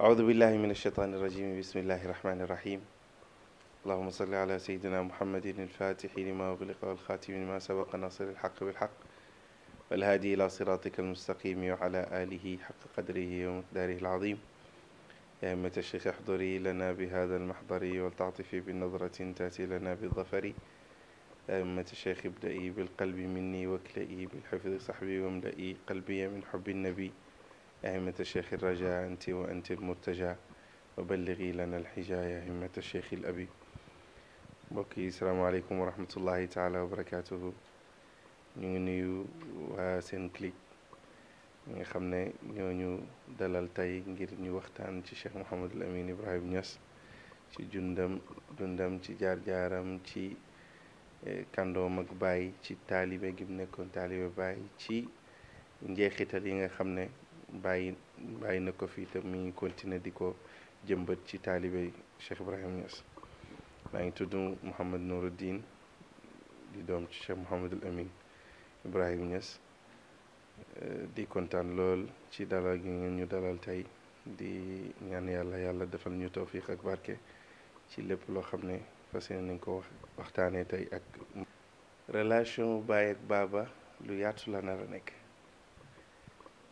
أعوذ بالله من الشيطان الرجيم بسم الله الرحمن الرحيم اللهم صل على سيدنا محمد الفاتح لما أغلق والخاتم لما سبق ناصر الحق بالحق والهادي إلى صراطك المستقيم وعلى آله حق قدره ومقداره العظيم يا أمة الشيخ احضري لنا بهذا المحضر ولتعطفي بنظرة تأتي لنا بالظفر يا أمة الشيخ ابدئي بالقلب مني واكلئي بالحفظ صحبي واملئي قلبي من حب النبي يا همة الشيخ الرجاء أنت وأنت المرتجى وبلغي لنا الحجى يا همة الشيخ الأبي mbokk yi salaamaaleykum wa rahmatullahi taala wa barakaatuhu ñu ngi nuyu waa Senclic ñi nga xam ne ñoo ñu dalal tey ngir ñu waxtaan ci Cheikh Mouhamadul Amin Ibrahim Niass ci jundam dundam ci jaar-jaaram ci kàndoom ak baay ci taalibe gi mu nekkoon taalibe baay ci njeexital yi nga xam ne bàyyi bàyyi na ko fii te mi ngi continuer di ko jëmbat ci taalibey Cheikh Ibrahim Niass maa ngi tudd Mouhamad Nouruddin di doom ci Cheikh Mouhamadul Amin Ibrahim Niass eh, di kontaan lool ci dalal gi ngeen ñu dalal tey di ñaan yàlla yàlla defal ñu tawfiq ak barke ci lépp loo xam ne fas yéene nañ ko wax waxtaanee tey ak relation Baye ak Baba lu yaatu la nar a nekk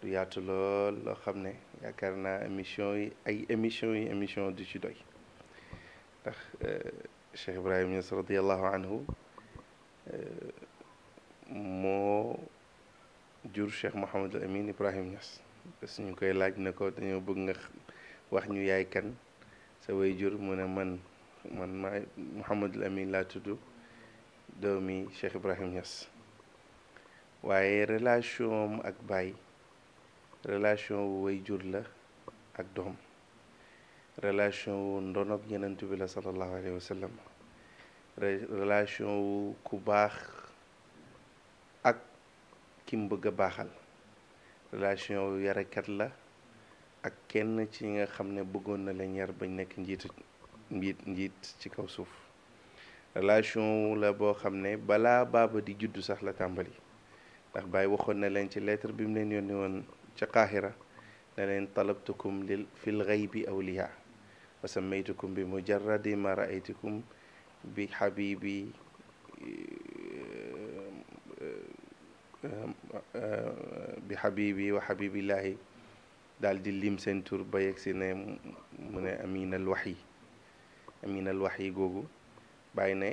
lu yaatu lool loo xam ne yaakaar naa émission yi ay émission yi émission du ci doy ndax euh, Cheikh Ibrahim Niass radiallahu anhu euh, moo jur Cheikh Mouhamadul Amin Ibrahim Niass suñu koy laaj ne ko dañoo bëgg nga wax ñu yaay kan sa jur mu ne man man maay Amin laa tudd doomi Cheikh Ibrahim Niass waaye relation ak Baye relation wu way jur la ak doom relation wu ndonoog yenent bi la sallallahu alayhi wa sallam relation wu ku baax ak ki mu bëgg a baaxal relation wu yarekat la ak kenn ci nga xam ne bëggoon na leen yar bañ nekk njiit njiit njiit ci kaw suuf relation wu la boo xam ne balaa baaba di juddu sax la tàmbali ndax Baye waxoon na leen ci lettre bi mu leen yónni woon ca Qahira ne leen talabtukum lil fil ghaybi awliya wa sammaytukum bi mujarradi ma raaytukum bi habibi bi habibi wa habibillahi daal di lim seen tur ba yegg si ne mu ne aminal waxyi aminal waxyi googu bàyyi ne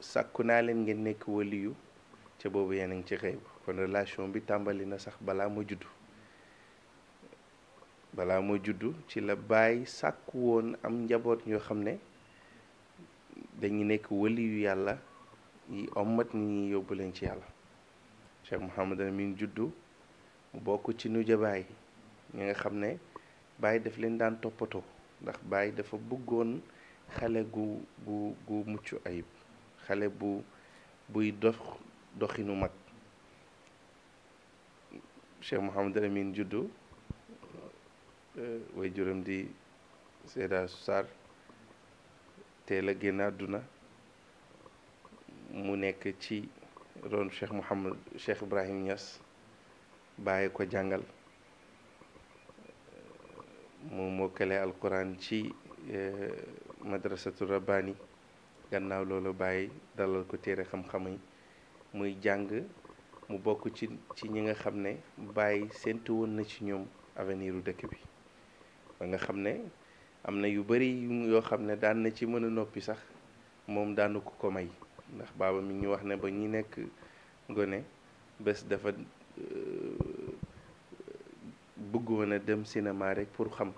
sàkku naa leen ngeen nekk waliyu ca boobu yéen a ngi ci xëy kon relation bi tàmbali na sax balaa ma juddu balaa moo juddu ci la bàyyi sàkk woon am njaboot ñoo xam ne dañu nekk wali yàlla yi ommat nit ñi yóbbu leen ci yàlla Cheikh Mouhamed Amin juddu bokk ci jabaay ñu nga xam ne bàyyi daf leen daan toppatoo ndax bàyyi dafa bëggoon xale gu gu gu mucc ayib xale bu buy dox doxinu mag Cheikh Mouhamed Amin juddu Euh, way juróom di Seyda Sarr teel a génn àdduna mu nekk ci ron Cheikh Mouhamad Cheikh Ibrahim Niass bàyyi ko jàngal euh, mu mokkale alquran ci euh, madrasatu rabbani gannaaw loolu bàyyi dalal ko téere xam-xam yi muy jàng mu bokk ci ci ñi nga xam ne bàyyi séentu woon na ci ñoom aveniru dëkk bi ba nga xam ne am na yu bëri yoo xam ne daan na ci mën a noppi sax moom daanu ko ko may ndax baaba mi ñu wax ne ba ñi nekk gone bés dafa euh, bëggoon a dem cinéma rek pour xam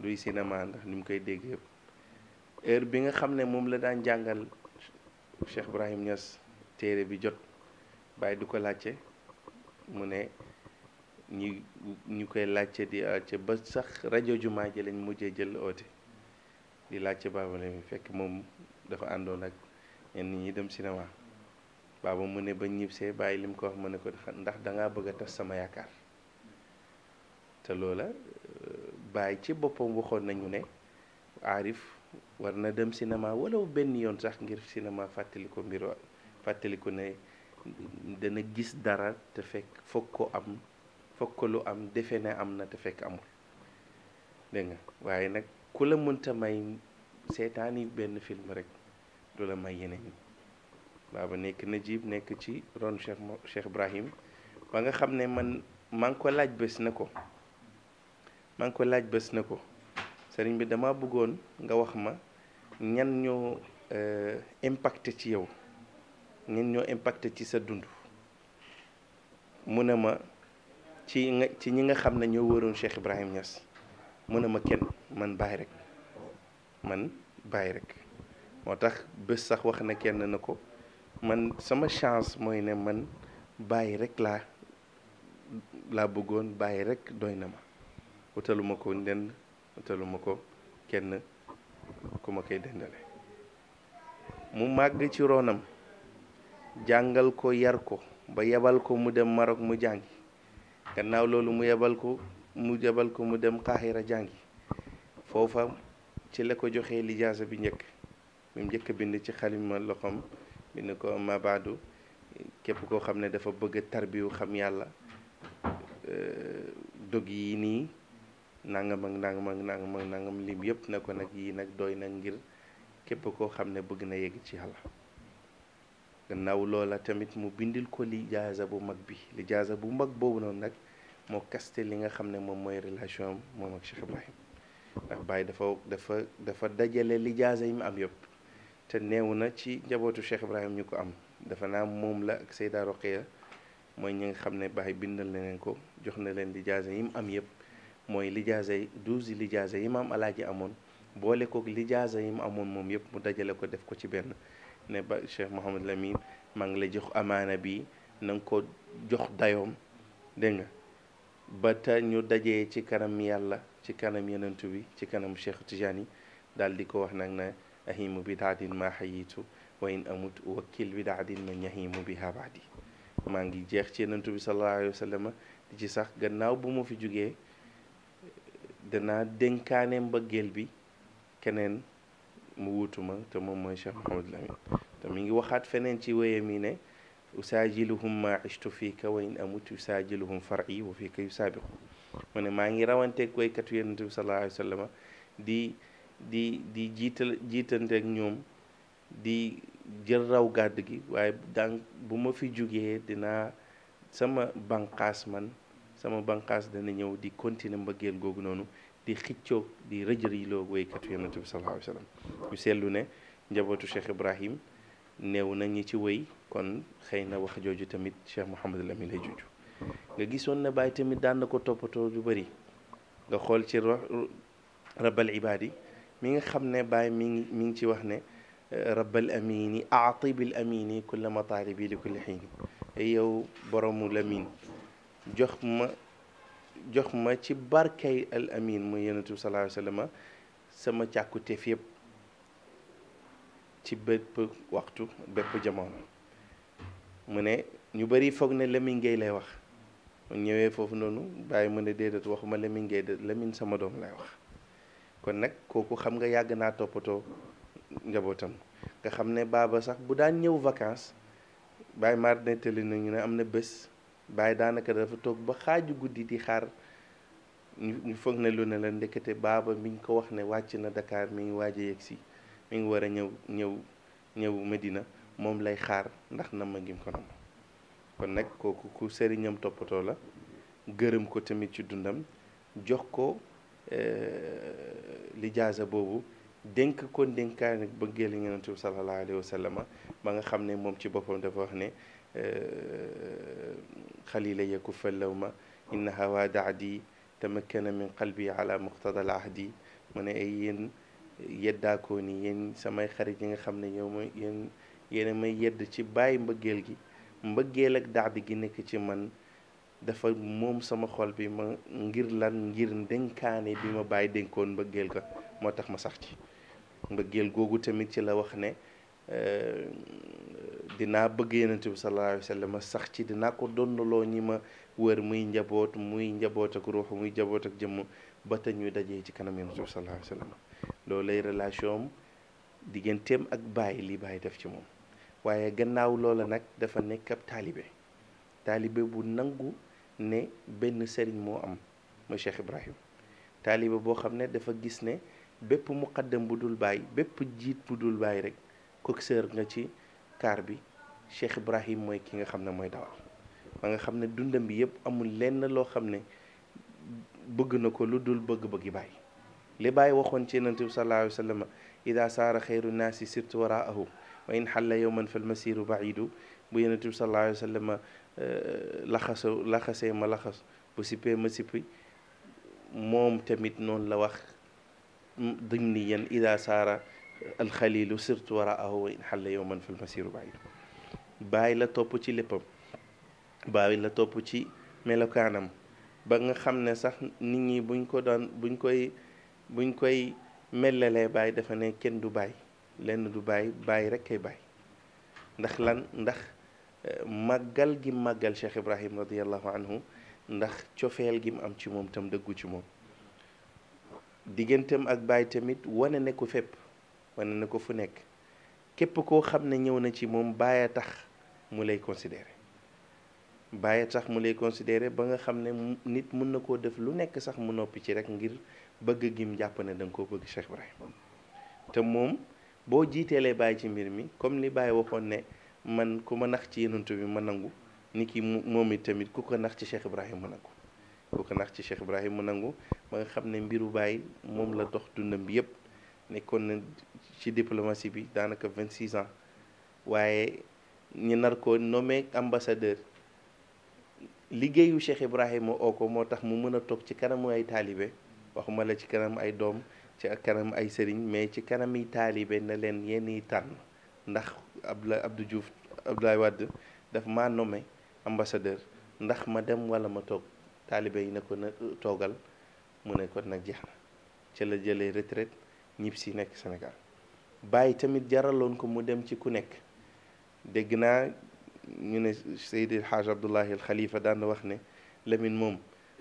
luy cinéma ndax ni mu koy dégg bi nga xam ne moom la daan jàngal Cheikh Ibrahim Niass téere bi jot bàyyi du ko laajte mu ne ñi ñu koy laajte di laajte euh, ba sax rajo jumaa ji lañ mujjee jël oote di laajte baaba la fekk moom dafa àndoon ak ñenn ñi dem cinéma baaba mu ne ba ñibbisee bàyyi lim ko wax mu ne ko ndax dangaa bëgg a tas sama yaakaar te loola euh, bàyyi ci boppam waxoon nañu ne aarif war na dem cinéma wala benn yoon sax ngir cinéma fàttali ko mbir fàttali ko ne dana gis dara te fekk foog ko am fokk lu am defe ne am na te fekk amul dégg nga waaye nag ku la mënta may seetaani benn film rek du la may yeneen yi baaba nekk na Najib nekk ci ron Cheikh Cheikh Ibrahim ba nga xam ne man maa ko laaj bés na ko maa ko laaj bés na ko sëriñ bi dama bëggoon nga wax ma ñan ñoo euh, impacté ci yow ñan ñoo impacté ci sa dund mu ne ma ci nga ci ñi nga xam ne ñoo waroon Cheikh Ibrahim Niass mu ne ma kenn man bàyyi rek man bàyyi rek moo tax bés sax wax na kenn na ko man sama chance mooy ne man bàyyi rek laa laa bëggoon bàyyi rek doy na ma utaluma ko ndend utaluma ko kenn ku ma koy dendale mu màgg ci roonam jàngal ko yar ko ba yebal ko mu dem Maroc mu jàngi gannaaw loolu mu yebal ko mu yebal ko mu dem Qahira jàngi foofa ci la ko joxee lijaasa bi njëkk mi njëkk bind ci xalima loxoom bind ko ma baadu képp koo xam ne dafa bëgg a tarbiyu xam yàlla euh, dog yi nii nangam ak nangam ak nangam ak nangam lim yëpp na ko nag yii nag doy na ngir képp koo xam ne bëgg na yegg ci yàlla gannaaw loola tamit mu bindil ko li jaasa bu mag bi li jaasa bu mag boobu noonu nag moo kaste li nga xam ne moom mooy relation moom ak Cheikh Ibrahim dafa dafa dafa dajale li yi mu am yëpp te neew na ci njabootu Cheikh Ibrahim ñu ko am dafa naa moom la ak Seyda Roqeya mooy ñi nga xam ne Baye bindal na leen ko jox na leen li jaasa yi mu am yëpp mooy li jaasa yi douze li jaasa yi maam alaaji amoon boole ko li jaasa yi mu amoon moom yëpp mu dajale ko def ko ci benn ne ba Cheikh Mouhamadul maa ngi la jox amaana bi na ko jox dayoom dégg nga ba te ñu dajee ci kanam yàlla ci kanam yenentu bi ci kanam Cheikh Tidiane dal di ko wax nag na ahimu bidaadin ma xayitu wa amut wakkil bidaadin ma ñahimu bi habaadi maa ngi jeex ci yenentu bi sallallahu sax gannaaw bu ma fi jógee danaa dénkaane mbëggeel bi keneen mu wutuma te moom mooy Cheikh Mouhamadul Amin te mi ngi waxaat feneen ci wéyam yi ne usaajiluhum ma ishtu fiika wa in amutu usaajiluhum far'i wa fiika yusaabiqu ma ne maa ngi rawanteeg woykatu yonent bi sallallahu alayhi wa sallam di di di jiital jiitanteeg ñoom di jël raw gàdd gi waaye daan bu ma fi jógee dinaa sama banqaas man sama banqaas dana ñëw di continuer mbëggeel googu noonu di xiccoog di rëjëriloog yi loo bi sallallahu alayhi wa sallam ñu seetlu ne njabootu Cheikh Ibrahim néew na ñi ci woy kon xëy na wax jooju tamit Cheikh Mouhamadul Amin lay juju nga gisoon ne Baay tamit daan na ko toppatoo lu bëri nga xool ci rabbal ibaadi mi nga xam ne Baay mi ngi mi ngi ci wax ne rabbal amini aati bil amini kulla mataalibi li kulli xiin yow boromu lamin jox ma jox ma ci barkay al amin muy yonent bi sallallahu alayhi wasallam sama càkkuteef yëpp ci bépp waxtu bépp jamono mu ne ñu bari foog ne Lamine lay wax ñëwee foofu noonu bàyyi mu ne déedéet waxuma Lamine Gueye de sama doom lay wax kon nag kooku xam nga yàgg naa toppatoo njabootam nga xam ne baaba sax bu daan ñëw vacances bàyyi maar nettali nañu ne am na bés bàyyi daanaka dafa toog ba xaaju guddi di xaar ñu foog ne lu ne la ndekete baaba mi ngi ko wax ne wàcc na dakaar mi ngi waaj a yegg si mi ngi war a ñëw ñëw ñëw dina moom lay xaar ndax nama ma ngi ko nam kon nag kooku ku sëriñam toppatoo la gërëm ko tamit ci dundam jox ko eh, lijaasa boobu dénk ko ndénkaane bëggee la yonent bi sallallahu alayhi wa ba nga xam ne moom ci boppam dafa wax ne xalila yeku fallawma inna hawa daadi tamakkana min qalbi ala muqtadal ahdi mu ne ay yéen yeddaakoo ni yéen samay xarit yi nga xam ne yow ma yéen yéen may yedd ci bàyyi mbëggeel gi mbëggeel ak daadi gi nekk ci man dafa moom sama xol bi ma ngir lan ngir dénkaane bi ma bàyyi dénkoon mbëggeel ga moo tax ma sax ci mbëggeel googu tamit ci la wax ne Euh, dinaa bëgg yenent bi sallallahu alayhi sax ci dinaa ko donnaloo ñi ma wër muy njaboot muy njaboot ak ruux muy njaboot ak jëmm ba te ñuy dajee ci kanam yenent bi sallallahu alayhi relation am digganteem ak bàyyi li bàyyi def ci moom waaye gannaaw loola nag dafa nekk ab taalibe taalibe bu nangu ne benn sëriñ moo am mooy Cheikh Ibrahim taalibe boo xam ne dafa gis ne bépp muqaddam bu dul bàyyi bépp jiit bu dul bàyyi rek coxeur nga ci car bi Cheikh Ibrahim mooy ki nga xam ne mooy dawal ba nga xam ne dundam bi yëpp amul lenn loo xam ne bëgg na ko lu dul bëgg-bëggi bàyyi li bàyyi waxoon ci yonent bi sallallahu alayhi wa sallam ida saara xayru naasi sirtu waraahu wa in xalla yowman fal masiru baidu bu yonent bi sallallahu alayhi wa eh, laxasee ma laxas bu sippee ma sippi moom tamit noonu la wax dim ni yen saara alxalilu surtout waraahu wa in xalla yowman fil masiru baid bàyyi la topp ci léppam bàyyi la topp ci melokaanam ba nga xam ne sax nit ñi buñ ko daan buñ koy buñ koy mellalee bàyyi dafa ne kenn du bàyyi lenn du bàyyi bàyyi rek kay bàyyi ndax lan ndax eh, màggal gi màggal Cheikh Ibrahim radiallahu anhu ndax cofeel gi mu am ci moom tam dëggu ci moom digganteem ak bàyyi tamit wane ne ko wane na ko fu nekk képp koo xam ne ñëw na ci moom bàyyee tax mu lay considéré bàyyi tax mu lay considéré ba nga xam ne nit mën na koo def lu nekk sax mu noppi ci rek ngir bëgg gim jàpp ne da nga koo bëgg Cheikh Ibrahima te moom boo jiiteelee bàyyi ci mbir mi comme li bàyyi waxoon ne man ku ma nax ci yenantu bi ma nangu nit ki moom it tamit ku ko nax ci Cheikh Ibrahima nangu ku ko nax ci Cheikh Ibrahima nangu ba nga xam ne mbiru bàyyi moom la dox dundam bi yëpp nekkoon na ci diplomatie bi daanaka vingt six ans waaye ñu nar ko nommé ambassadeur liggéeyu Cheikh Ibrahima oo ko moo tax mu mën a toog ci kanamu ay taalibe waxuma la ci kanam ay doom ci kanam ay sëriñ mais ci kanam yi taalibe na leen yenn yi tànn ndax Abdoulaye Abdou Diouf Abdoulaye Wade daf maa nommé ambassadeur ndax ma dem walla ma toog taalibe yi ne ko na toogal mu ne ko nag jeex na ci la jële retraite ñib si nekk senegaal bàyyi tamit jaraloon ko mu dem ci ku nekk dégg naa ñu ne Seydi El Hadj Abdoulahi El daan wax ne lemin moom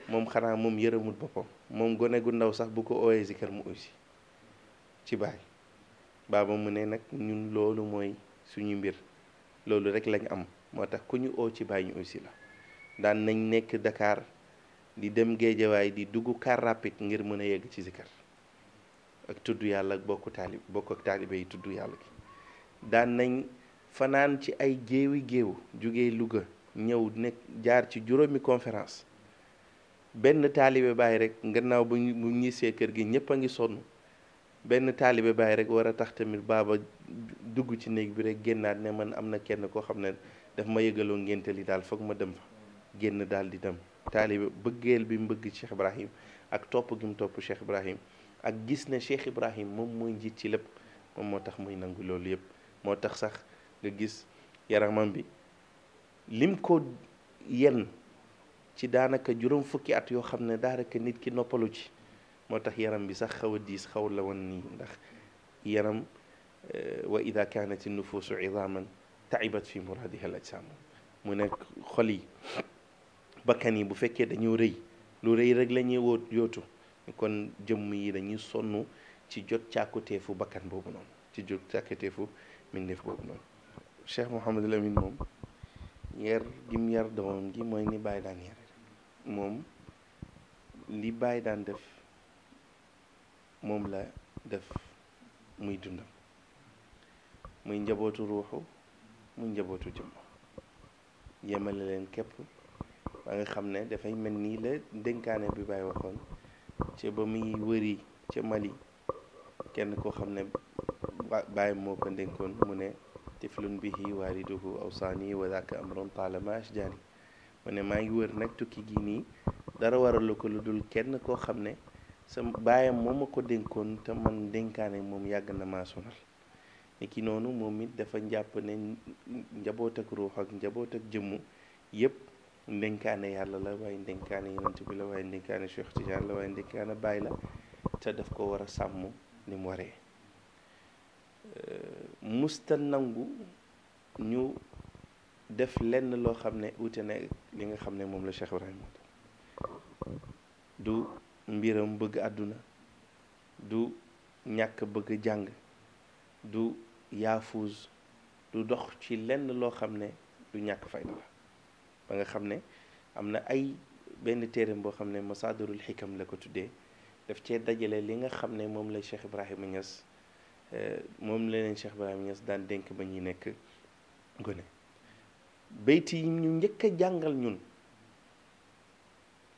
moom xanaa moom yërëmul boppam moom gone gu ndaw sax bu ko ooyee zikar mu aussi ci bàyyi baaba mu ne nag ñun loolu mooy suñu mbir loolu rek lañ am moo tax ku ñu oo ci bàyyi ñu aussi la daan nañ nekk dakaar di dem géejawaay di dugg car rapide ngir mën a yegg ci zikar ak tudd yàlla ak bokku taalib bokk ak taalibe yi tudd yàlla gi daan nañ fanaan ci ay géewi géew jóge Louga ñëw nekk jaar ci juróomi conférence benn taalibe bàyyi rek gannaaw bu ñu bu kër gi ñëpp a ngi sonn benn taalibe bàyyi rek war a tax tamit baaba dugg ci néeg bi rek génnaat ne man am na kenn koo xam ne daf ma yëgaloo ngénte li daal foog ma dem fa génn daal di dem taalibe bëggeel bi mu bëgg Cheikh Ibrahim ak topp gi mu topp Cheikh Ibrahim ak gis ne Cheikh Ibrahim moom mooy njiit ci lépp moom moo tax muy nangu loolu yëpp moo tax sax nga gis yaramam bi lim ko yenn ci daanaka juróom fukki at yoo xam ne daanaka nit ki noppalu ci moo tax yaram bi sax xaw a diis xaw la woon nii ndax yaram euh, wa ida kanat nufuusu idaman taibat fi muradiha al ajsam mu nekk xol yi bakkan yi bu fekkee dañoo rëy lu rëy rek lañuy ñuy yootu kon jëmm yi dañuy sonn ci jot càkkuteefu bakkan boobu noonu ci jot càkkuteefu mbindeef boobu noonu Cheikh Mouhamadul Amin moom yar gim yar doomam gi mooy ni bàyyi daan yar moom li bàyyi daan def moom la def muy dundam muy njabootu ruuxu muy njabootu jëmm yemale leen képp ba nga xam ne dafay mel nii la dénkaane bi bàyyi waxoon ca ba muy wëri ca Mali kenn koo xam ne bàyyi moo ko dénkoon mu ne tiflun bihi waaliduhu aw saani wa daaka amron taalama ashjaani mu ne maa ngi wër nag tukki gi nii dara waralu ko lu dul kenn koo xam ne sa bàyyam moom ma ko te man dénkaane moom yàgg na maa ni ki noonu moom it dafa njàpp ne njaboot ak ruux ak njaboot ak jëmmu yépp ndenkaane yàlla la waaye ndenkaane yonent bi la waaye ndenkaane Cheikh Tidiane la waaye ndenkaane Baay la te daf ko war a sàmm ni mu waree euh, musta nangu ñu def lenn loo xam ne uute na li nga xam ne moom la Cheikh Ibrahima du mbiram bëgg àdduna du ñàkk bëgg jàng du yaafuus du dox ci lenn loo xam ne du ñàkk fayda la ba nga xam ne am na ay benn téereem boo xam ne masaadarul xikam la ko tuddee daf cee dajale li nga xam ne moom la Cheikh Ibrahima Niass euh, moom la leen Cheikh Ibrahima Niass daan dénk ba ñu nekk gone bayti yi ñu njëkk a jàngal ñun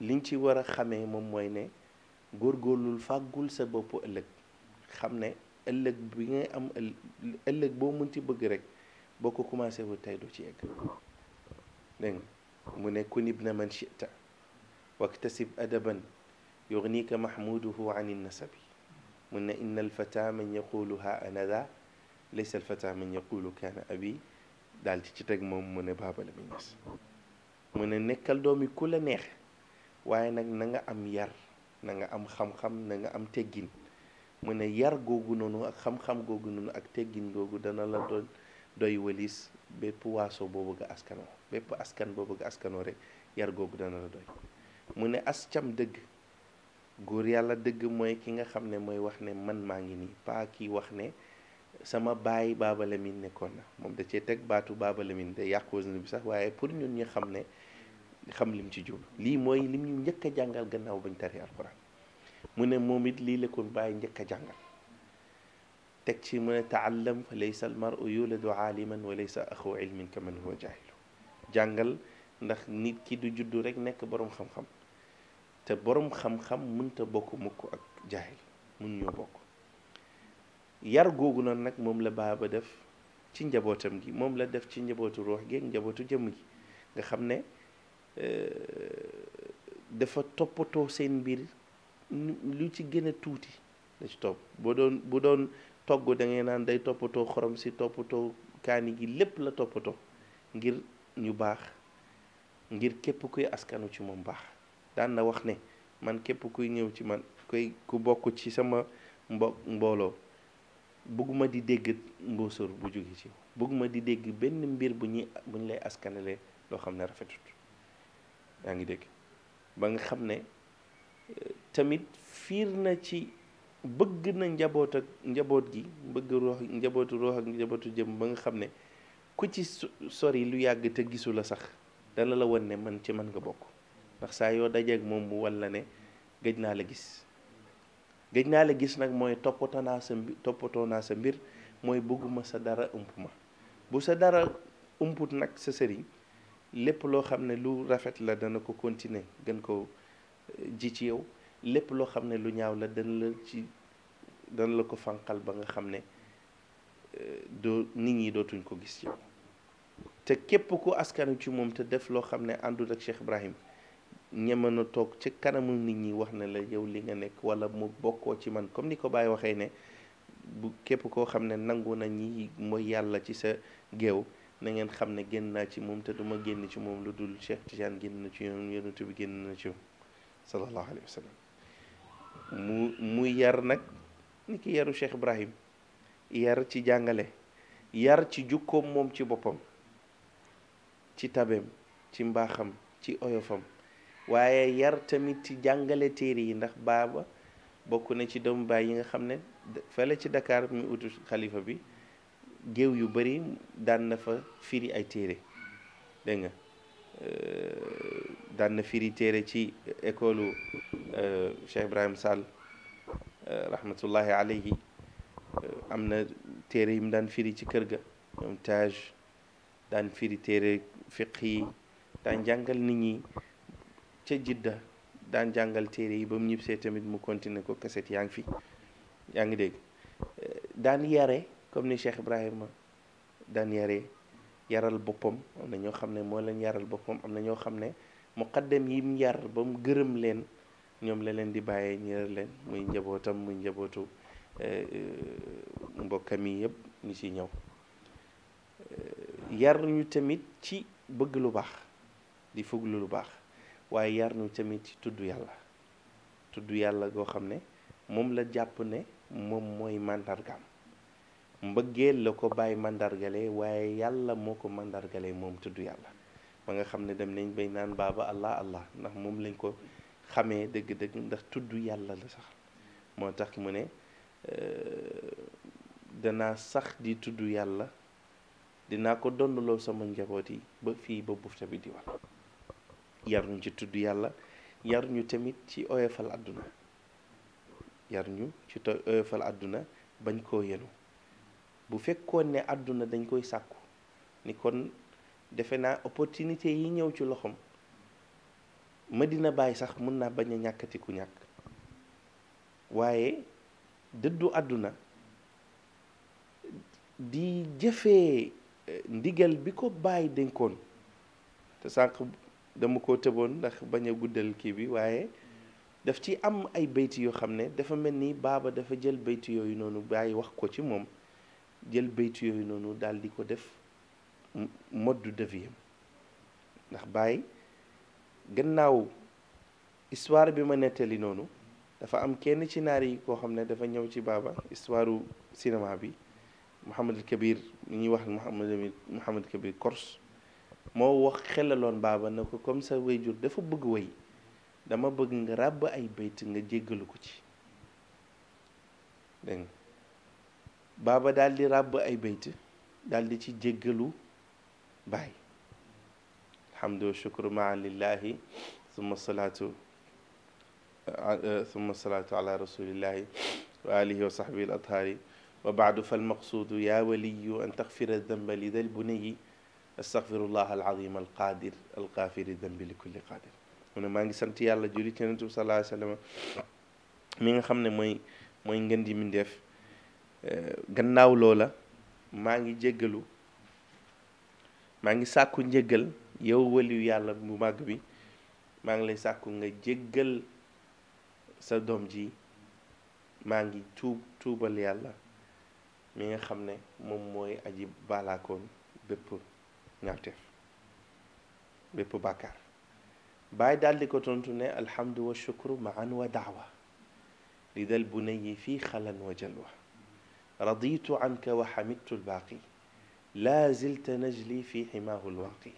liñ ci war a xamee moom mooy ne góorgóorlul fàggul sa bopp ëllëg xam ne ëllëg bi ngay am ëllëg boo mënti bëgg rek boo ko commencé wu tey du ci yegg mu ne kun ibna man chita waktasib adaban yugnika mahmuduhu an innasabi mu ne inna alfata man yaqulu ha anada laysa alfata man yaqulu kaana abi daal di ci teg moom mu ne baaba la mi mu ne nekkal doomi ku la neex waaye nag na nga am yar na nga am xam-xam na nga am teggin mu ne yar googu noonu ak xam-xam googu noonu ak teggin googu dana la doon doy walis bépp waaso boobu nga askanoo bépp askan boo bëgg askanoo rek yar googu dana la doy mu ne as cam dëgg góor yàlla dëgg mooy ki nga xam ne mooy wax ne man maa ngi nii paa ki wax ne sama baay Baaba Lamin nekkoon na moom da cee teg baatu Baaba Lamin de yàqoos na waaye pour ñun ñu xam ne xam lim ci jub lii mooy lim ñu njëkk jàngal gannaaw bañ tari alquran mu ne moom it lii lekkoon kon bàyyi njëkk a jàngal teg ci mu ne taallam fa laysa almaru yuladu aaliman wa laysa axu ilmin kaman huwa jaahil jàngal ndax nit ki du juddu rek nekk boroom xam-xam te boroom xam-xam mënta bokk mukk ak jaahil mun ñoo bokk yar googu noonu nag moom la baaba def ci njabootam gi moom la def ci njabootu ruux gi njabootu jëmm gi nga xam ne euh, dafa toppatoo seen mbir lu ci gën a tuuti la ci topp doon bu doon togg da ngay naan day toppatoo xorom si toppatoo kaani gi lépp la toppatoo ngir ñu baax ngir képp kuy askanu ci moom baax daan na wax ne man képp kuy ñëw ci man kuy ku bokk ci sama mbo mbooloo bëgguma di dégg mbóosóor bu jóge ci bëgguma di dégg benn mbir bu ñuy bu ñu lay askanale loo xam ne rafetut yaa ngi dégg ba nga xam ne tamit fiir na ci bëgg na njaboot ak njaboot gi bëgg roox njabootu roox ak njabootu jëm ba nga xam ne ku ci sori lu yàgg te gisu la sax dana la won ne mën ci mën nga bokk ndax saa yoo dajeek moom mu wan la ne géej naa la gis géej naa la gis nag mooy toppatoo naa sa mbir naa sa mbir mooy bëgguma sa dara ump ma bu sa dara umput nag sa sëriñ lépp loo xam ne lu rafet la dana ko continuer gën ko eh, ji ci yow lépp loo xam ne lu ñaaw la dana ci dana la ko fanqal ba nga xam ne doo nit ñi dootuñ ko gis ci te képp ku askanu ci moom te def loo xam ne àndul ak Cheikh Ibrahim ñeme na toog ci kanamu nit ñi wax na la yow li nga nekk wala mu bokkoo ci man comme ni ko Baye waxee ne bu képp koo xam ne nangu na ñi mooy yàlla ci sa géew na ngeen xam ne génn naa ci moom te duma génn ci moom lu dul Cheikh Tidiane génn na ci ñoom yonent bi génn na ci moom sallallahu alayhi wa sallam mu mu yar nag ni ki yaru Cheikh Ibrahim yar ci jàngale yar ci jukkoom moom ci boppam ci tabeem ci mbaaxam ci oyofam waaye yar tamit ci jàngale téere yi ndax baaba bokk na ci doomu baay yi nga xam ne fële ci Dakar mi utu xalifa bi géew yu bari daan na fa firi ay téere dégg nga daan na firi téere ci école Cheikh Ibrahim Sall rahmatullahi alayhi am na téere yi mu daan firi ci kër ga ñoom taaj daan firi téere fiq yi daan jàngal nit ñi ca jidda daan jàngal téere yi ba mu ñibbisee tamit mu continuer ko kaset yaa ngi fi yaa ngi dégg eh, daan yare comme ni Cheikh Ibrahima daan yare yaral boppam am na ñoo xam ne moo leen boppam am na ñoo xam ne muqaddam yi mu yar ba mu gërëm leen ñoom la leen di bàyyee ñëral leen muy njabootam muy njabootu Euh, euh, mbokkam yi yëpp ñu ci ñëw euh, yar ñu tamit ci bëgg lu baax di fugg lu baax waaye yar ñu tamit ci tudd yàlla tudd yàlla goo xam ne moom la jàpp ne moom mooy màndargaam mbëggeel la ko bàyyi màndargale waaye yàlla moo ko màndargale moom tudd yàlla ba nga xam ne dem nañ bay naan baaba allah allah ndax moom lañ ko xamee dëgg-dëgg ndax tudd yàlla la sax moo tax mu ne Euh, danaa sax di tudd yàlla dinaa ko dondaloo sama njaboot yi ba fii ba buuf tamit di yar ñu ci tudd yàlla yar ñu tamit ci oyofal àdduna yar ñu ci to oyofal àdduna bañ koo yenu bu fekkoon ne àdduna dañ koy sàkku ni kon defe naa opportunité yi ñëw ci loxoom dina bàyyi sax mun naa bañ a ñàkkatiku ku ñàkk waaye dëddu àdduna di jëfe eh, ndigal bi ko bàyyi dénkoon te sànq dama ko tëboon ndax bañ a guddal kii bi waaye daf ci am ay bayti yoo xam ne dafa mel ni baaba dafa jël bayti yooyu noonu bàyyi wax ko ci moom jël bayti yooyu noonu daal di ko def moddu deviyam ndax bàyyi gannaaw histoire bi ma nettali noonu dafa am kenn ci naar yi koo xam ne dafa ñëw ci baaba histoire u cinéma bi Mouhamadul Kabir li ñuy wax Mouhamadul Mouhamadul Kabir Kors moo wax xelaloon baaba na ko comme ça jur dafa bëgg way dama bëgg nga ràbb ay bayt nga jéggalu ko ci dégg baaba daal di ràbb ay bayt dal di ci jéggalu baay alhamdu wa shukru maa lillahi summa salaatu summa salaatu ala rasulillahi wa alihi wa sahbihi al athaari wa baadu fal maqsuudu yaa waliyu an taxfira damba li dal bunayi astaxfirullah al azim al qadir al qaafiri dambi li kulli qadir mu ne maa ngi sant yàlla julli ci yonent bi sallallahu alayhi wa sallam mi nga xam ne mooy mooy ngën di mindeef eh, gannaaw loola maa ngi jéggalu maa ngi sàkku njéggal yow waliyu yàlla bu màgg bi maa ngi lay sàkku nga jéggal sa doom ji maa ngi tuub tuubal yàlla mi nga xam ne moom mooy aji balaakoon bépp ñaawteef bépp bàkkaar bàyyi daal di ko tontu ne alhamdu wa shukru maan wa daawa li dal bu ne yi fii xalan wa jalwa raditu anka wa xamidtu lbaaqi laa zilta najli fi ximaahu lwaaqi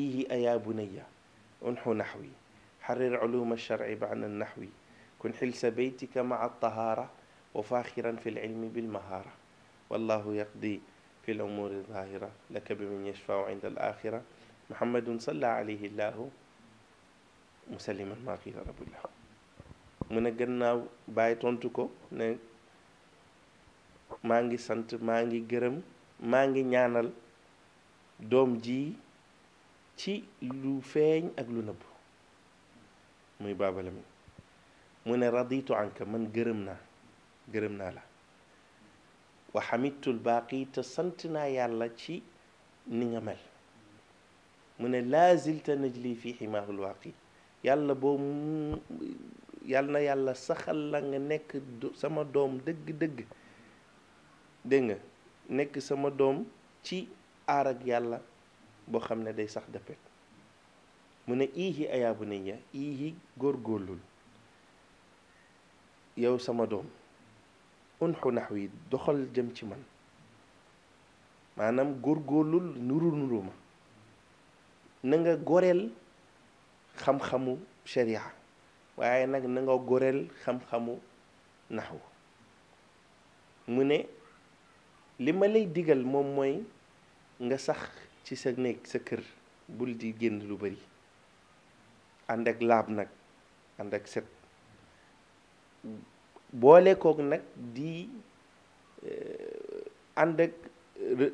iihi ayaa bunaya unxu naxwi xarir culuma alsharci bacda annaxwi kun xilsa beytika maa tahaara wa faaxiran fi lilmi bilmahaara wallahu yaqdi fi l umuuri zahira laka bi man yashfau inda al axira muhammadun salla alayhi llahu musalliman maa qiila rabullah mu ne gannaaw bàyyi tontu ko ne maa ngi sant maa ngi gërëm maa ngi ñaanal doom ji ci lu feeñ ak lu nëbb muy Baaba Lamin mu ne raditu anka man gërëm naa gërëm naa la wa xamidtul baaqi te sant naa yàlla ci ni nga mel mu ne laa zilta najli fi ximaahul waaqi yàlla boo mu yàlla na yàlla saxal la nga nekk sama doom dëgg-dëgg dégg nga nekk sama doom ci aar yàlla boo xam ne day sax dëppet mu ne iihi ayaa bunayya iihi góorgóorlul yow sama doom unxu nax wi doxal jëm ci man maanaam góorgóorlul nuru nuru ma na nga goreel xam-xamu sharia waaye nag nanga nga goreel xam-xamu naxwu mu ne li ma lay digal moom mooy nga sax ci sa néeg sa kër bul di génn lu bari ànd ak laab nag ànd ak set boole kook nag di eh, ànd ak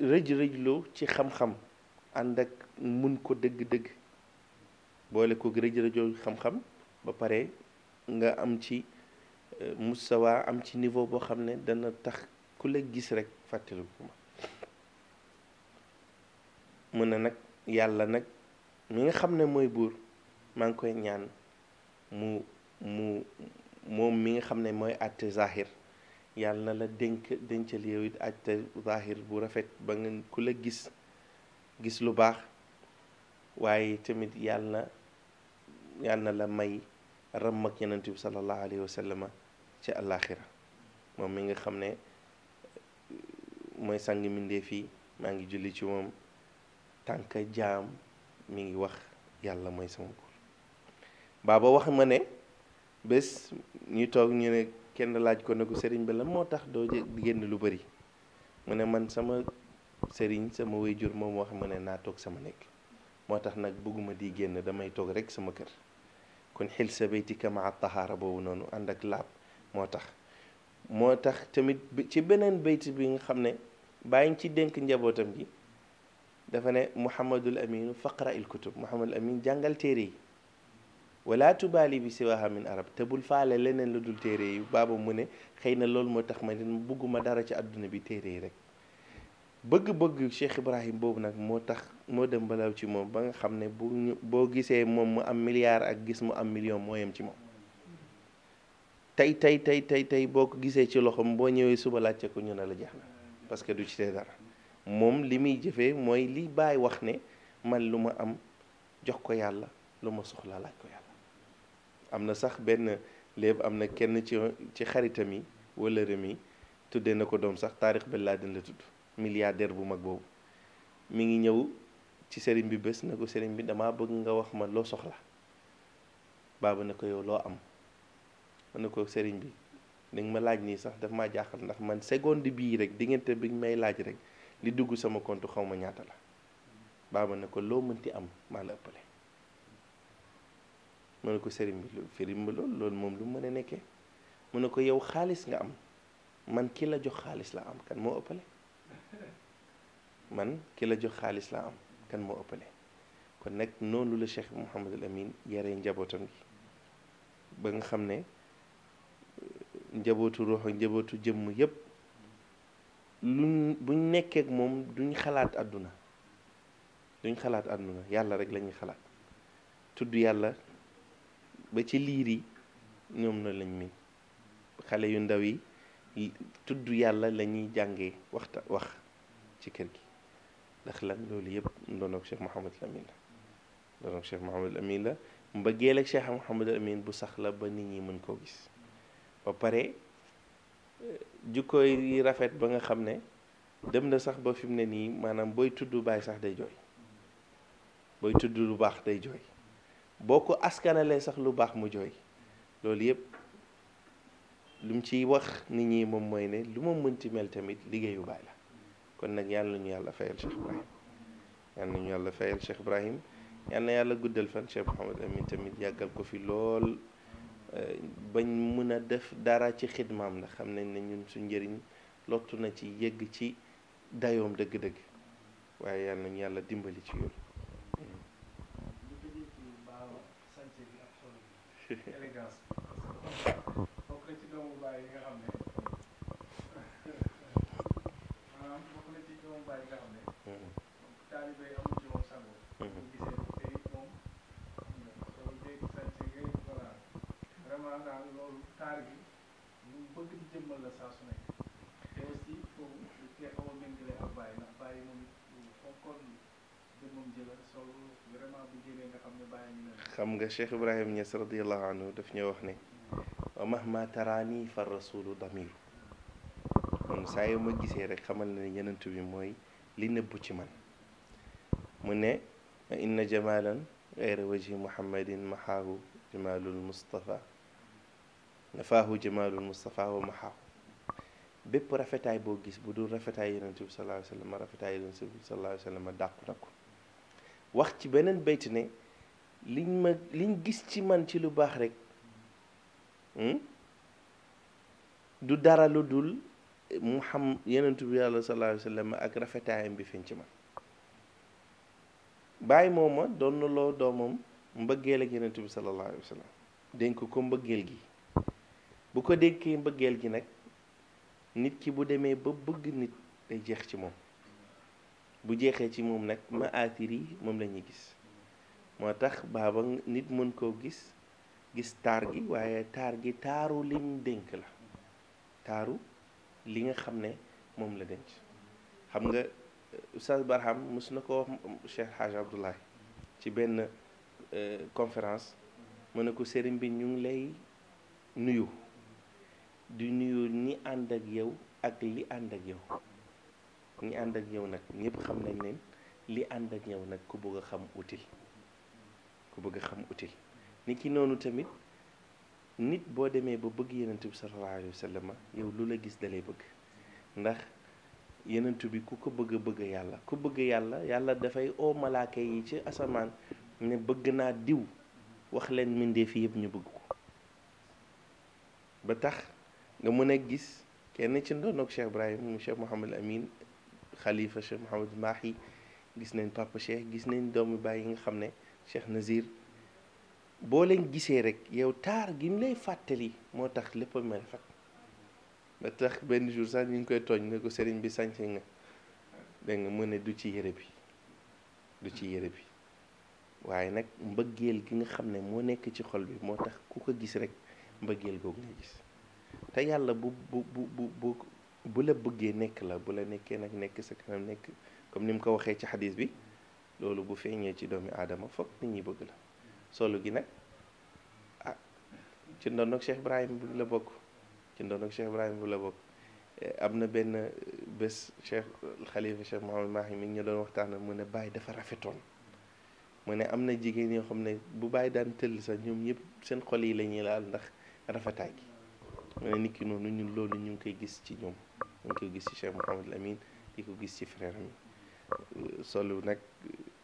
rëj rëjloo ci xam-xam ànd ak mun ko dëgg-dëgg boole kook rëj rëjoo xam-xam ba pare nga am ci eh, mustawa am ci niveau boo xam ne dana tax ku la gis rek fàttaliku ma mun na nag yàlla nag mi nga xam ne mooy buur maa ngi koy ñaan mu mu moom mi nga xam ne mooy àtte zahir yàlla na la dénk dencal yow it bu rafet ba nga ku la gis gis lu baax waaye tamit yàlla na yàlla na la may ràmm ak yenent bi sallallahu alayhi wa ci àllaaxira moom mi nga xam ne mooy sang mindee fii maa ngi julli ci moom tànk jaam mi ngi wax yàlla mooy sama buur baaba wax ma ne bés ñu toog ñu ne kenn laaj ko ne ko sëriñ bi lan moo tax doo génn lu bari mu ne man sama sëriñ sama waajur moom wax ma ne naa toog sama nekk moo tax nag bëgguma di génn damay toog rek sama kër kon xil sa baytika maa tahaara boobu noonu ànd ak laab moo tax moo tax tamit ci beneen bayti bi nga xam ne bàyyi ngi ci dénk njabootam ji dafa ne muhammadul aminu faqra il kutub muhammadul amin jàngal téere yi wala tubaali bi si waxa min arab te faale leneen lu dul téere yi baaba mu ne xëy na loolu moo tax ma ne bëgguma dara ci àdduna bi téere yi rek bëgg-bëgg Cheikh Ibrahim boobu nag moo tax moo dem balaw ci moom ba nga xam ne bu ñu boo gisee moom mu am milliard ak gis mu am million moo yem ci moom tey tey tey tey tey boo ko gisee ci loxoom boo ñëwee suba laajte ko ñu ne la jeex na parce que du ci tee dara moom li muy jëfee mooy li Baay wax ne man lu ma am jox ko yàlla lu ma soxla laaj ko am na sax benn léeb am na kenn ci ci xaritam yi wala remi tuddee na ko doom sax Tariq laa Laden la tudd milliardaire bu mag boobu mi ngi ñëw ci sëriñ bi bés na ko sëriñ bi damaa bëgg nga wax ma loo soxla baaba na ko yow loo am ma ne ko sëriñ bi ni ma laaj nii sax daf ma jàqal ndax man seconde bii rek diggante bi may laaj rek li dugg sama compte xaw ma ñaata la baaba na ko loo mënti am maa la ëppale mën na ko sëriñ bi firim loolu loolu moom lu mu mën a nekkee mën na ko yow xaalis nga am man ki la jox xaalis la am kan moo ëppale man ki la jox xaalis am kan moo ëppale kon nag noonu la Cheikh Mouhamadul Amin yaree njabootam gi ba nga xam ne njabootu roxo njabootu jëmm yépp luñ buñ nekkeek moom duñ xalaat àdduna duñ xalaat àdduna yàlla rek lañuy xalaat tudd yàlla ba ci liir yi ñoom na lañ min xale yu ndaw yi tudd yàlla la ñuy jàngee waxta wax ci kër gi ndax lan loolu yëpp ndonoog Cheikh Mouhamadul Amin la ndonoog Cheikh Mouhamadul Amin la mbëggeel ak Cheikh Amin bu sax la ba nit ñi mën koo gis ba pare eh, ju yi rafet ba nga xam ne dem na sax ba fi mu ne nii maanaam booy tudd baay sax day jooy booy tudd lu baax day jooy boo ko askanalee sax lu baax mu jooy loolu yëpp lu mu ciy wax nit ñi moom mooy ne lu ma mënti mel tamit liggéeyu baay la kon nag yàlla nañu yàlla fayal Cheikh Ibrahim yàlla nañu yàlla fayal Cheikh yàlla guddal fan Cheikh Mouhamad Amin tamit yàggal ko fi lool bañ mun a def dara ci xidmaam ndax xam ne na ñun su njëriñ lottu na ci yëgg ci dayoom dëgg-dëgg waaye yàlla nañu yàlla dimbali ci yoon élégance bokk na baay yi nga xam ne maanaam bokk na ci doomu baay yi nga xam ne taalibe yi amul ci moom sango ñu gisee te it moom soo dégg sànce ngay voilà vraiment daal loolu taar bi la saa su nekk te aussi foofu lu kee xaw a méngale ak bàyyi ndax bàyyi moom it fonkoon xam nga Cheikh Ibrahim Niass radiallahu anhu daf ñoo wax ne wa mahma taraani fa rasulu damiru kon saa yu ma gisee rek xamal ne bi mooy li nëbbu ci man mu ne inna jamalan gayra wajhi muhammadin mahaahu jamalul mustafa nafaahu jamalul mustafa wa mahaahu bépp rafetaay boo gis bu du rafetaay yenentu bi sallallahu alayhi rafetaay yenentu bi sallallahu alayhi wa sallam na ko wax ci beneen bayti ne liñ ma liñ gis ci man ci lu baax rek hmm, du dara lu dul mu xam yenentu bi yàlla sallallahu alayhi wa ak rafetaayam bi fiñ ci man bàyyi mooma doon na loo doomam mbëggeel ak yenentu bi sallallahu alayhi wa sallam ko mbëggeel gi bu ko dénkee mbëggeel gi nag nit ki bu demee ba bëgg nit day jeex ci moom bu jeexee ci moom nag ma aatir moom la ñuy gis moo tax baaba nit mën koo gis gis taar gi waaye taar gi taaru lim dénk la taaru li nga xam ne moom la denc xam nga Oustaz Barham mos na ko wax Cheikh Hadj Abdoulaye ci benn euh, conférence mu ne ko sëriñ bi ñu ngi lay nuyu di nuyu ñi ànd ak yow ak li ànd ak yow ñi ànd ak ñëw nag ñépp xam nañ leen li ànd ak ñëw nag ku bëgg xam utile ku bëgg a xam utile ni ki noonu tamit nit boo demee ba bëgg yenentu bi sallallahu alayhi wa sallam yow lu la gis dalay bëgg ndax yenentu bi ku ko bëgg bëgg yàlla ku bëgg yàlla yàlla dafay oo malaaka yi ci asamaan ne bëgg naa diw wax leen mbindeef yëpp ñu bëgg ko ba tax nga mën a gis kenn ci ndonoog Cheikh Ibrahim mu Cheikh Mouhamadul Amin xalifa Cheikh Mouhamadou Mahi gis nañ papa Cheikh gis nañ doomu baay yi nga xam ne Cheikh Nazir boo leen gisee rek yow taar gi ñu lay fàttali moo tax lépp may rafet ba tax benn jour sax ñu ngi koy tooñ ne ko sëriñ bi sañse nga dégg nga mu ne du ci yére bi du ci yére bi waaye nag mbëggeel gi nga xam ne moo nekk ci xol bi moo tax ku ko gis rek mbëggeel googu nga gis te yàlla bu bu bu bu bu la bëggee nekk la bu la nekkee nag nekk sa kanam nekk comme ni mu ko waxee ci xadis bi loolu bu feeñee ci doomi aadama foog nit ñi bëgg la solo gi nag ah ci ndonoog Cheikh Ibrahim bi la bokk ci ndonoog Cheikh Ibrahim bi la bokk eh, am na benn eh, bés Cheikh Xalifa Cheikh Mouhamed Mahi mi ngi ñu doon waxtaan mu ne bàyyi dafa rafetoon mu ne am na jigéen yoo xam ne bu Baye daan tëll sax ñoom ñëpp seen xol yi la ñuy laal ndax rafetaay gi mu ne nit ki noonu ñun loolu ñu ngi koy gis ci ñoom mu ngi ko gis ci Cheikh Mouhamadul Amin di ko gis ci frère mi euh, solu nag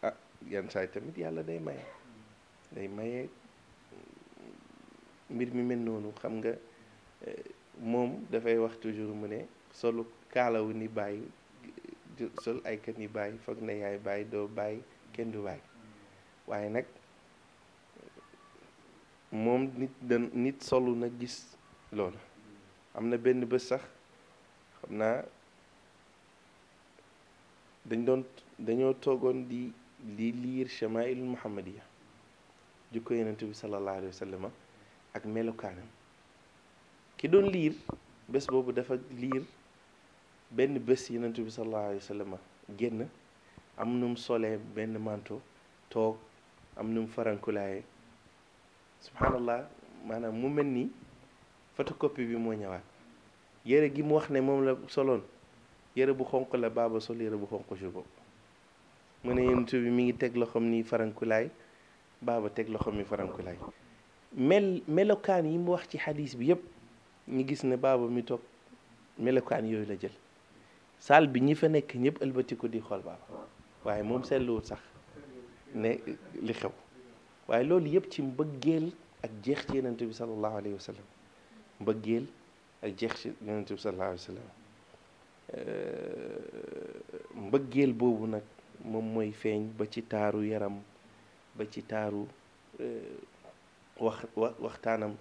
ah yan saay tamit yàlla day maye day maye mm, mbir mi mel noonu xam nga euh, moom dafay wax toujours mu ne solu kaalawu ni bàyyi sol ay kat ni bàyyi foog na yaay bàyyi doo bàyyi kenn du bàyyi waaye nag moom nit dan nit solu na gis loolu am na benn bés sax xam naa dañ doon dañoo toogoon di di liir chamailul muhammadiya jukko yonent bi sallallahu alayhi ak melokaanam ki doon liir bés boobu dafa liir benn bés yonent bi sallallahu alayhi génn am num solee benn manto toog am num farankulaaye subhanallah maanaam mu mel ni photocopie bi moo ñëwaat yére gi mu wax ne moom la soloon yére bu xonq la baaba sol yére bu xonq jubo mu ne yonent bi mi ngi teg loxoom ni farankulaay baaba teg loxoom ni farankulaay mel melokaan yi mu wax ci xadis bi yépp ñu gis ne baaba mi toog melokaan yooyu la jël saal bi ñi fa nekk ñëpp ëlbatiku di xool baaba waaye moom seetluwul sax ne li xew waaye loolu yépp ci mbëggeel ak jeex ci yonent bi sallallahu alayhi wa mbëggeel ak jeex ci yonent bi sallallahu alayhi eh, mbëggeel boobu nag moom mooy feeñ ba ci taaru yaram ba ci taaru eh, wax waxtaanam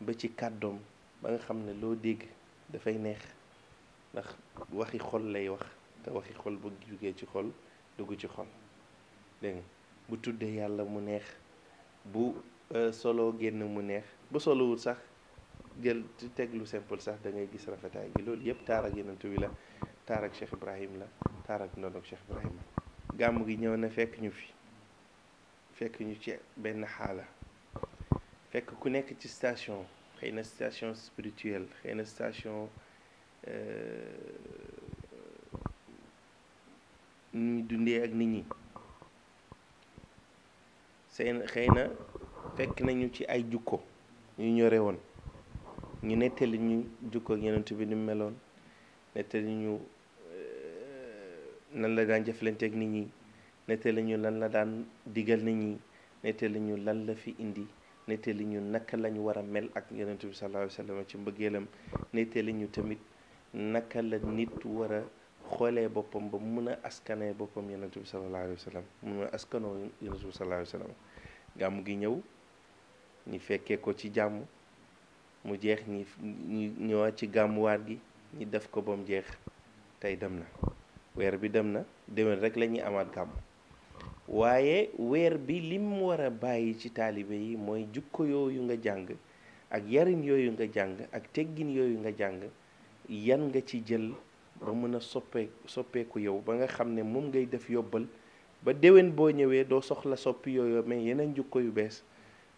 ba ci kàddoom ba nga xam ne loo dégg dafay neex ndax waxi xol lay wax te waxi xol bu jugee ci xol dugg ci xol dégg bu tuddee yàlla mu neex bu eh, solo génn mu neex bu solowul sax jël teg lu simple sax dangay ngay gis rafetaay gi loolu yëpp taar ak yenentu wi la taar ak Cheikh Ibrahim la taar ak ndono ak Cheikh Ibrahim gàmm gi ñëw na fekk ñu fi fekk ñu ci benn xaala fekk ku nekk ci station xëy na station spirituelle xëy na station euh, nu ñu dundee ak nit ñi seen xëy na fekk nañu ci ay jukko ñu ñorewoon ñu nettali ñu jukkook yonent bi ni mu meloon nettali ñu eh, nan la daan jëflanteek nit ñi nettali ñu lan la daan digal nit ñi nettali ñu lan la fi indi nettali ñu naka lañu war a mel ak yonent bi sallallahu alayhi wa sallam ci mbëggeelam nettali ñu tamit naka la nit war a xoolee boppam ba mun a askanee boppam yonent bi sallallahu alayhi wa sallam mun a askanoo yonent bi sallallahu alayhi wa gi ñëw ñu fekkee ko ci jàmm mu jeex ñi ñi ñëwaat ci gàmmuwaar gi ñi def ko ba mu jeex tey dem na weer bi dem na dewen rek lañuy amaat gàmm waaye weer bi lim war a bàyyi ci taalibe yi mooy jukko yooyu nga jàng ak yarin yooyu nga jàng ak teggin yooyu nga jàng yan nga ci jël ba mën a soppee soppeeku yow ba nga xam ne moom ngay def yobbal ba dewen boo ñëwee doo soxla soppi yooyu mais yeneen jukko yu bees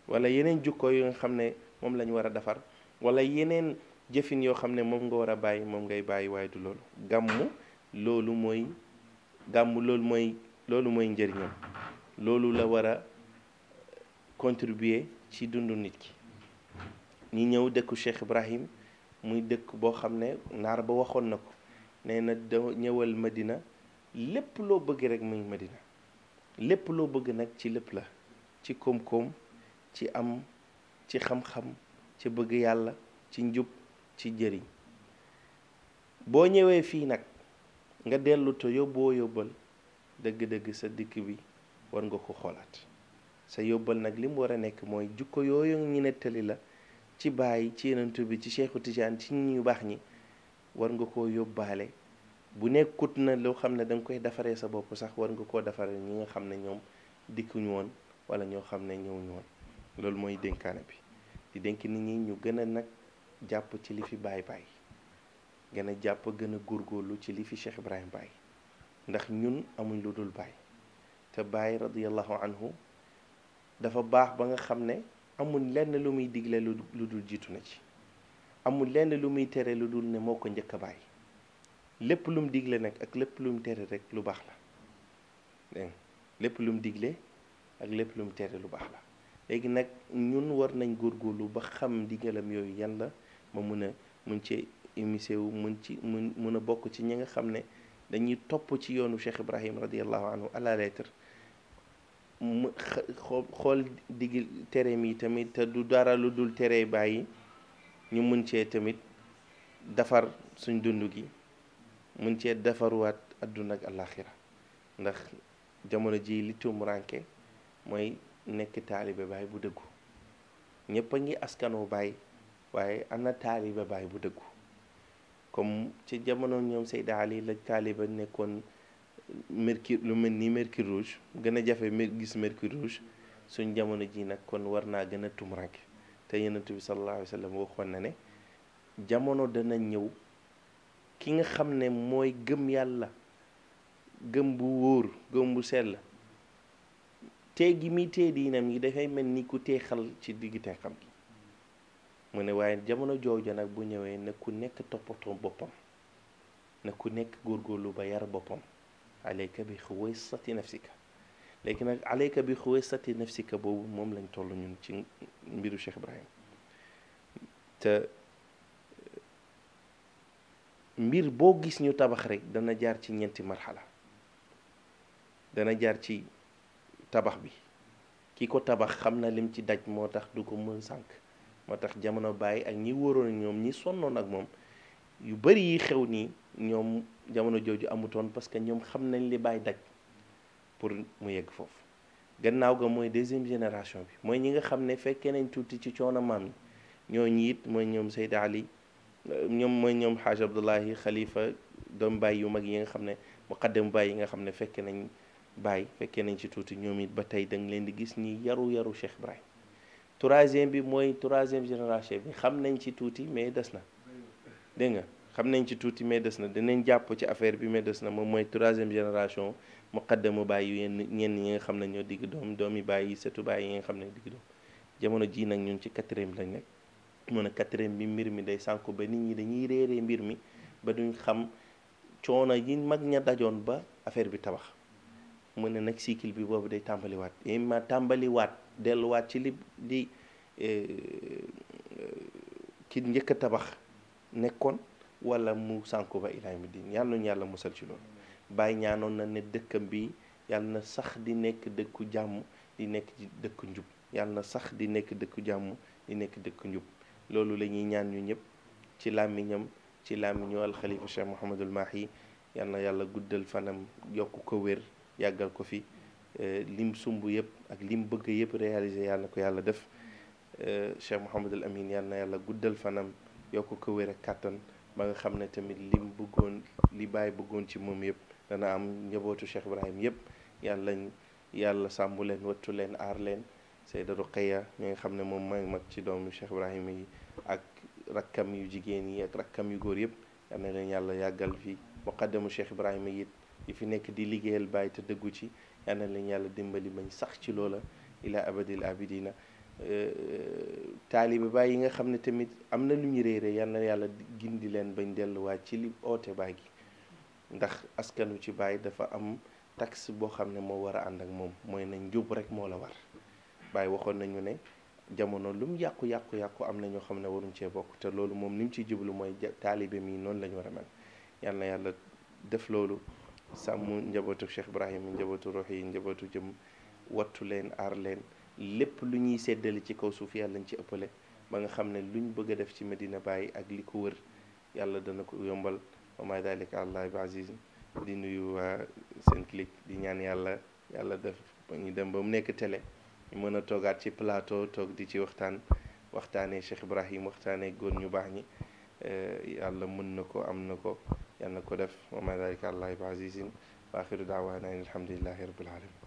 wala yeneen jukko yu nga xam ne moom lañu ñu war a defar wala yeneen jëfin yoo xam ne moom nga war a bàyyi moom ngay bàyyi waaye du loolu gàmmu loolu mooy gàmmu loolu mooy loolu mooy njëriñam loolu la war a contribuer ci dundu nit ki ñi ñëw dëkku Cheikh Ibrahim muy dëkk boo xam ne naar ba waxoon na ko nee na da ñëwal Madina lépp loo bëgg rek muy Madina lépp loo bëgg nag ci lépp la ci koom-koom ci am ci xam-xam ci bëgg yàlla ci njub ci jëriñ boo ñëwee fii nag nga dellu yóbboo yóbbal dëgg-dëgg sa dikk bi war nga ko xoolaat sa yóbbal nag li mu war a nekk mooy jukko yooyu ñu nettali la ci bàyyi ci yenentu bi ci Cheikhu Tijaan ci ñu baax ñi war nga koo yóbbaale bu nekkut na loo xam ne da koy defaree sa bopp sax war nga koo defaree ñi nga xam ne ñoom dikkuñu woon wala ñoo xam ne ñëwuñu woon loolu mooy dénkaane bi di dénk nit ñu gën a nag jàpp ci li fi Baye bàyyi gën a jàpp gën a góorgóorlu ci li fi Cheikh Ibrahim bàyyi ndax ñun amuñ lu dul baay te Baye radiyallahu anhu dafa baax ba nga xam ne amul lenn lu muy digle lu dul jiitu na ci amul lenn lu muy tere lu dul ne moo ko njëkk a bàyyi lépp lu digle nag ak lépp lu mu tere rek lu baax la lépp lu digle ak lépp lu mu tere lu baax la léegi nag ñun war nañ góor góorgóorlu ba xam di ndigalam yooyu yan la ma mun a mun ci émissé wu mun ci mun mun a bokk ci ñi nga xam ne dañuy topp ci yoonu Cheikh Ibrahim radiallahu anhu à la lettre mu xool digil tereem yi tamit te du dara lu dul tere bàyyi ñu mun cee tamit defar suñ dund gi mun cee defaruwaat adduna ak àllaaxira ndax jamono ji li tuum mooy nekk taalibe baay bu dëggu ñëpp a ngi askanoo baay waaye ana taalibe baay bu dëggu comme ci jamono ñoom Seyda Ali la taalibe nekkoon euh, mercure lu mel ni mercure rouge gën a jafe gis mercure rouge suñ jamono ji nag kon war naa gën a tumuranke te yonent bi sallallahu alayhi wa sallam na ne jamono dana ñëw ki nga xam ne mooy gëm yàlla gëm bu wóor gëm bu sell te gi muy tee diinam yi dafay mel ni ku teexal ci digg teexam gi mu ne waaye jamono jooja nag bu ñëwee na ku nekk toppatoo boppam na ku nekk góorgóorlu ba yar boppam alayka bi xuwaysati nafsika léegi nag alayka bi xuwaysati nafsika boobu moom lañ toll ñun ci mbiru Cheikh Ibrahim te mbir boo gis ñu tabax rek dana jaar ci ñeenti marxala dana jaar ci tabax bi ki ko tabax xam na lim ci daj moo tax du ko mën sànq moo tax jamono bàyyi ak ñi wóoroon ñoom ñi sonnoon ak moom yu bari yi xew nii ñoom jamono jooju amutoon parce que ñoom xam nañ li bàyyi daj pour mu yegg foofu gannaaw ga mooy deuxième génération bi mooy ñi nga xam ne fekkee nañ tuuti ci coono maam yi ñooñu it mooy ñoom Seyd Ali ñoom mooy ñoom Xaaj Abdullahi Xalifa doom bàyyi yu mag yi nga xam ne muqaddam bàyyi yi nga xam ne fekkee nañ bàyyi fekkee nañ ci tuuti ñoom it ba tey da leen di gis ñi yaru yaru Cheikh Ibrahim troisième bi mooy troisième génération bi xam nañ ci tuuti mais des na dégg nga xam nañ ci tuuti mais des na dinañ jàpp ci affaire bi mais des na moom mooy troisième génération muqaddamu bàyyi yu yenn ñenn ñi nga xam ne ñoo digg doom doomi bàyyi setu bàyyi yi nga xam ne digg doom jamono ji nag ñun ci yem lañ nekk mu ne quatrième bi mbir mi day sànku ba nit ñi dañuy réeree mbir mi ba duñ xam coono yi mag ña dajoon ba affaire bi tabax mën na nag cycle bi boobu day tàmbaliwaat et eh, ma tàmbaliwaat delluwaat ci li di eh, eh, ki njëkk a tabax nekkoon wala mu sànku ba ilaa mi din yàlla nañu musal ci loolu bàyyi ñaanoon na ne dëkkam bi yàlla na sax di nekk dëkku jàmm di nekk ci dëkku njub yàlla na sax di nekk dëkku jàmm di nekk dëkku njub loolu lañuy ñuy ñaan ñu ñëpp ci làmmiñam ci làmmiñu alxalifa Cheikh Mouhamadul yi yàlla na yàlla guddal fanam yokk ko wér yàggal ko fi euh, lim sumb yëpp ak lim bëgg yëpp réaliser yàlla na ko yàlla def euh, Cheikh Mouhamadul Amin yàlla na yàlla guddal fanam yokk ko wér ak kàttan ba nga xam ne tamit lim bëggoon li bàyyi bëggoon ci moom yëpp dana am njabootu Cheikh Ibrahim yëpp yàlla yàlla sàmbu leen wattu leen aar leen Seyda Ruqayya ñi nga xam ne moom mooy mag ci doomu Cheikh Ibrahim yi ak rakkam yu jigéen yi ak rakkam yu góor yëpp yal na leen yàlla yàggal fi muqaddamu Cheikh Ibrahima yi yi fi nekk di liggéeyal Baay te dëggu ci yal yàlla dimbali bañ sax ci loola ila abadil abidina euh, euh, taalibe Baay yi nga xam ne tamit am na lu ñu réere yal na yàlla gindi leen bañ delluwaat ci li oote Baay gi ndax askanu ci Baay dafa am taxe boo xam ne moo war a ànd ak moom mooy nañ jub rek moo la war Baay waxoon nañu ne jamono lu mu yàqu yàqu yàqu am na ñoo xam ne waruñ cee bokk te loolu moom li mu ciy jublu mooy taalibe mii noonu lañu war a mel yal yàlla def loolu sàmm njabootu Cheikh Ibrahima njabootu rox yi njabootu jëm wattu leen aar leen lépp lu ñuy seddale ci kaw suuf yàlla ñu ci ëppale ba nga xam ne luñ bëgg a def ci Medina bàyyi ak li ko wër yàlla dana ko yombal wa ma dalika allah bi aziz di nuyu waa Senclic di ñaan yàlla yàlla def ba dem ba mu nekk tele ñu mën a toogaat ci plateau toog di ci waxtaan waxtaanee Cheikh Ibrahim waxtaanee góor ñu baax ñi eh, yàlla mën na ko am na ko yàlla na ko def wa ma dalika àllahi bi azizin wa axiru daawaana alhamdulillahi rabbil alamin